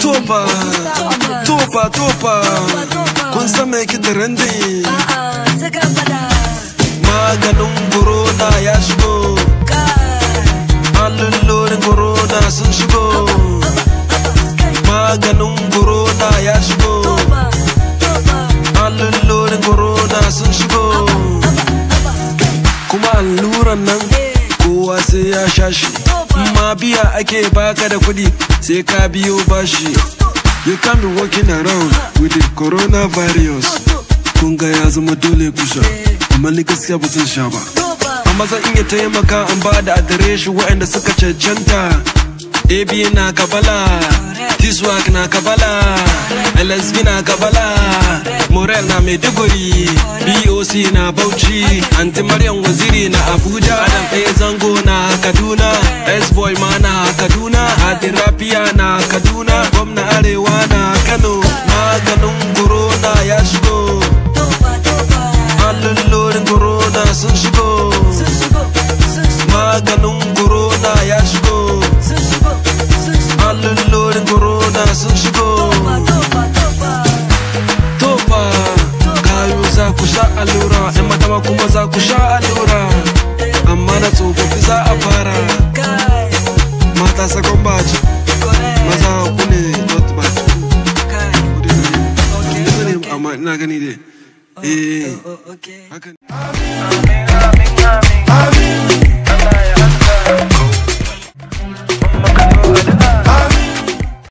Topa, topa, topa Kun san mai kita rande Maganin corona ya shigo Allulorin corona sun shigo Maganin corona ya shigo Allulorin corona sun shigo Kuma alluran nan kowa sai ya sha shi ma biya ake baka da kuɗi sai ka biyo bashi you can be walking around with the coronavirus kun ga ya zama dole kusa amma ni gaskiya ba zan sha ba amma zan iya taimaka an ba da adireshi waɗanda suka cancanta AB na kabala Tiswak na kabala LSB na kabala Morel na Maiduguri BOC na Bauchi Anti Maryam Waziri na Abuja Adam Zango na Kaduna tafiya na kaduna gwamna arewa na kano maganin corona ya shigo allolorin corona sun shigo maganin corona ya shigo allolorin corona sun shigo tofa kayo za ku sha allura 'yan matama kuma za ku sha allura Baza Kune, not bad. Okay. Okay. Okay. Okay. Okay. Okay. Okay. Okay. Okay. Okay. Okay. Okay.